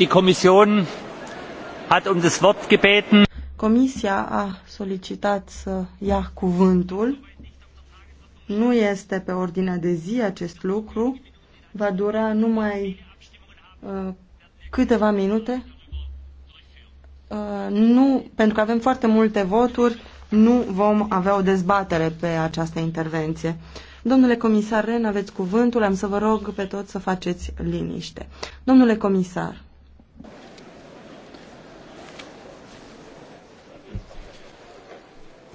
Um Comisia a solicitat să ia cuvântul. Nu este pe ordinea de zi acest lucru. Va dura numai uh, câteva minute. Uh, nu, pentru că avem foarte multe voturi, nu vom avea o dezbatere pe această intervenție. Domnule comisar Ren, aveți cuvântul, am să vă rog pe toți să faceți liniște. Domnule comisar,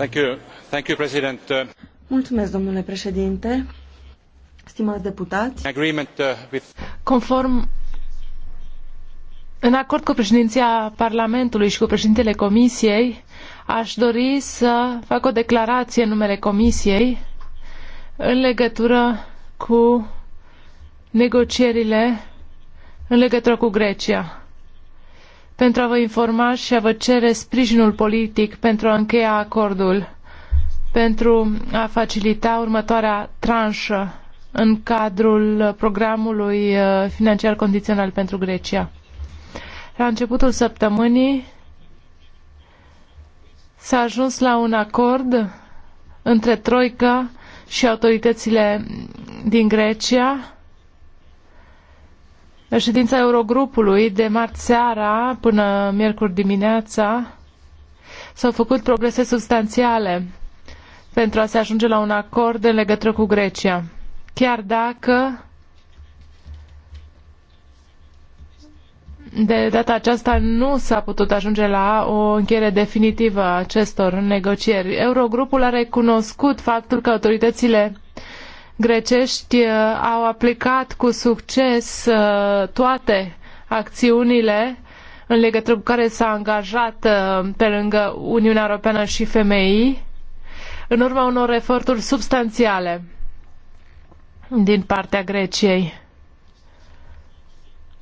Uh, Mulțumesc, domnule președinte. Uh, Conform în acord cu președinția Parlamentului și cu președintele Comisiei, aș dori să fac o declarație în numele Comisiei în legătură cu negocierile în legătură cu Grecia pentru a vă informa și a vă cere sprijinul politic pentru a încheia acordul, pentru a facilita următoarea tranșă în cadrul programului uh, financiar condițional pentru Grecia. La începutul săptămânii s-a ajuns la un acord între Troica și autoritățile din Grecia ședința Eurogrupului de marți seara până miercuri dimineața s-au făcut progrese substanțiale pentru a se ajunge la un acord în legătură cu Grecia. Chiar dacă de data aceasta nu s-a putut ajunge la o încheiere definitivă a acestor negocieri. Eurogrupul a recunoscut faptul că autoritățile grecești uh, au aplicat cu succes uh, toate acțiunile în legătură cu care s-a angajat uh, pe lângă Uniunea Europeană și FMI în urma unor eforturi substanțiale din partea Greciei.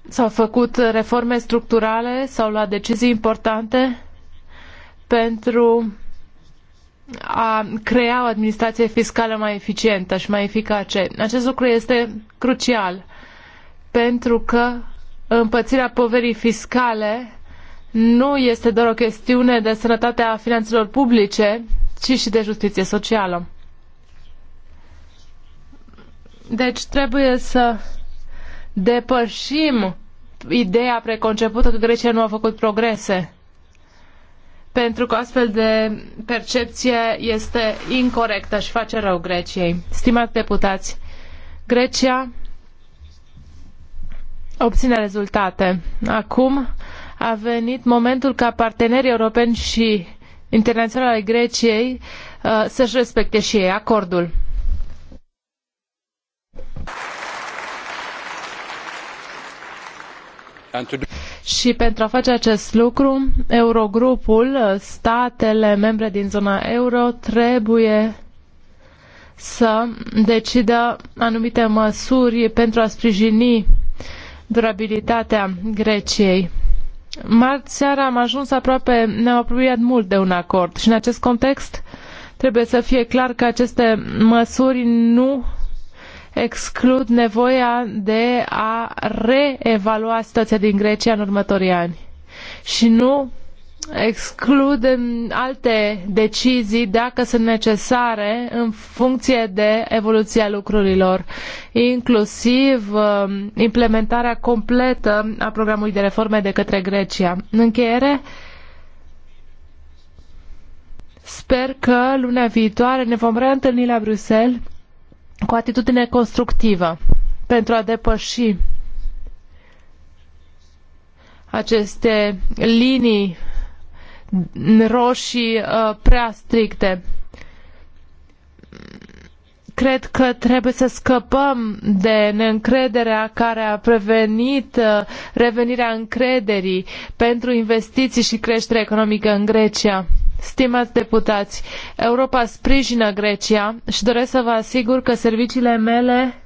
S-au făcut reforme structurale, s-au luat decizii importante pentru a crea o administrație fiscală mai eficientă și mai eficace. Acest lucru este crucial pentru că împățirea poverii fiscale nu este doar o chestiune de sănătate a finanțelor publice, ci și de justiție socială. Deci trebuie să depășim ideea preconcepută că Grecia nu a făcut progrese pentru că astfel de percepție este incorrectă și face rău Greciei. Stimați deputați, Grecia obține rezultate. Acum a venit momentul ca partenerii europeni și internaționali ai Greciei uh, să-și respecte și ei acordul. And to do și pentru a face acest lucru, Eurogrupul, statele membre din zona euro trebuie să decidă anumite măsuri pentru a sprijini durabilitatea Greciei. Marți seara am ajuns aproape, ne-am apropiat mult de un acord și în acest context trebuie să fie clar că aceste măsuri nu exclud nevoia de a reevalua situația din Grecia în următorii ani. Și nu exclud alte decizii dacă sunt necesare în funcție de evoluția lucrurilor, inclusiv um, implementarea completă a programului de reforme de către Grecia. În încheiere, sper că luna viitoare ne vom reîntâlni la Bruxelles cu atitudine constructivă pentru a depăși aceste linii roșii uh, prea stricte. Cred că trebuie să scăpăm de neîncrederea care a prevenit uh, revenirea încrederii pentru investiții și creștere economică în Grecia. Stimați deputați, Europa sprijină Grecia și doresc să vă asigur că serviciile mele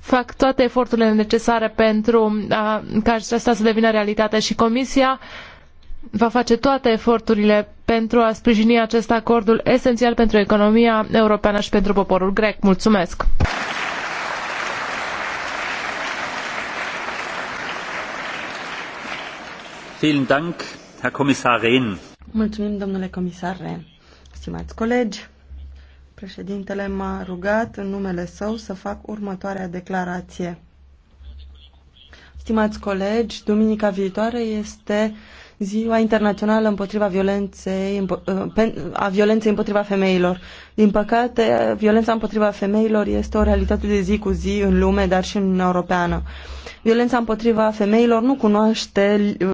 fac toate eforturile necesare pentru a, ca aceasta să devină realitate și Comisia va face toate eforturile pentru a sprijini acest acordul esențial pentru economia europeană și pentru poporul grec. Mulțumesc! Vielen Dank, Herr Kommissar Rehn. Mulțumim, domnule comisar Ren. Stimați colegi, președintele m-a rugat în numele său să fac următoarea declarație. Stimați colegi, duminica viitoare este Ziua Internațională împotriva violenței, ă, a violenței împotriva femeilor. Din păcate, violența împotriva femeilor este o realitate de zi cu zi în lume, dar și în Europeană. Violența împotriva femeilor nu cunoaște